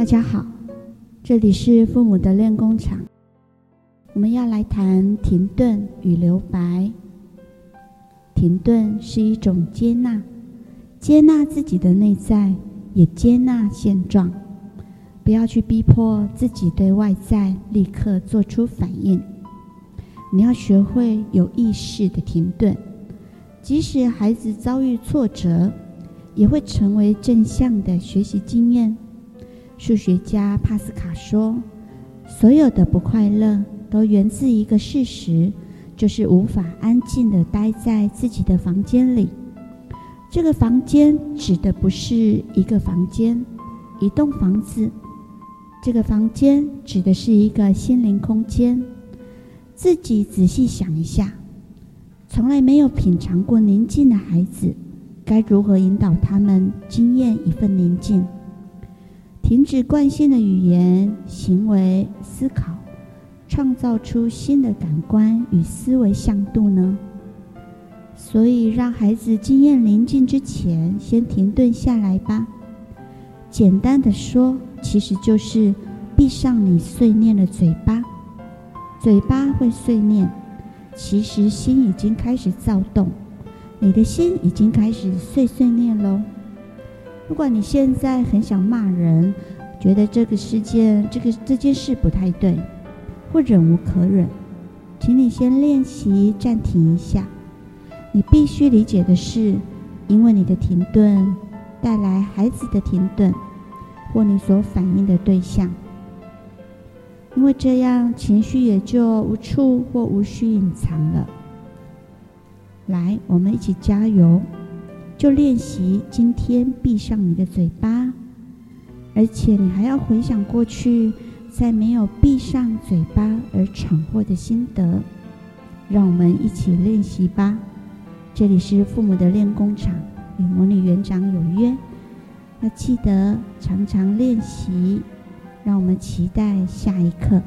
大家好，這裡是父母的練功場。我們要來談停頓與留白。停頓是一種接納，接納自己的內在，也接納現狀，不要去逼迫自己對外在立刻做出反應。你要學會有意識的停頓，即使孩子遭遇挫折，也會成為正向的學習經驗。數學家帕斯卡說：“所有的不快樂都源自一個事實，就是無法安靜地待在自己的房間裡。這個房間指的不是一個房間，一棟房子。這個房間指的是一個心靈空間。自己仔細想一下，從來沒有品嘗過寧靜的孩子，該如何引導他們經驗一份寧靜？”停止慣性的語言、行為、思考，創造出新的感官與思維向度呢？所以，讓孩子經驗臨近之前，先停頓下來吧。簡單的說，其實就是閉上你碎念的嘴巴。嘴巴會碎念，其實心已經開始躁動，你的心已經開始碎碎念嘍。如果你現在很想罵人，覺得這個事件、這個這件事不太對，或忍無可忍，請你先練習暫停一下。你必須理解的是，因為你的停頓帶來孩子的停頓，或你所反應的對象，因為這樣情緒也就無處或無需隱藏了。來，我們一起加油。就練習今天閉上你的嘴巴，而且你還要回想過去在沒有閉上嘴巴而闖禍的心得。讓我們一起練習吧。這裡是父母的練功場，與模擬園長有約，要記得常常練習。讓我們期待下一課。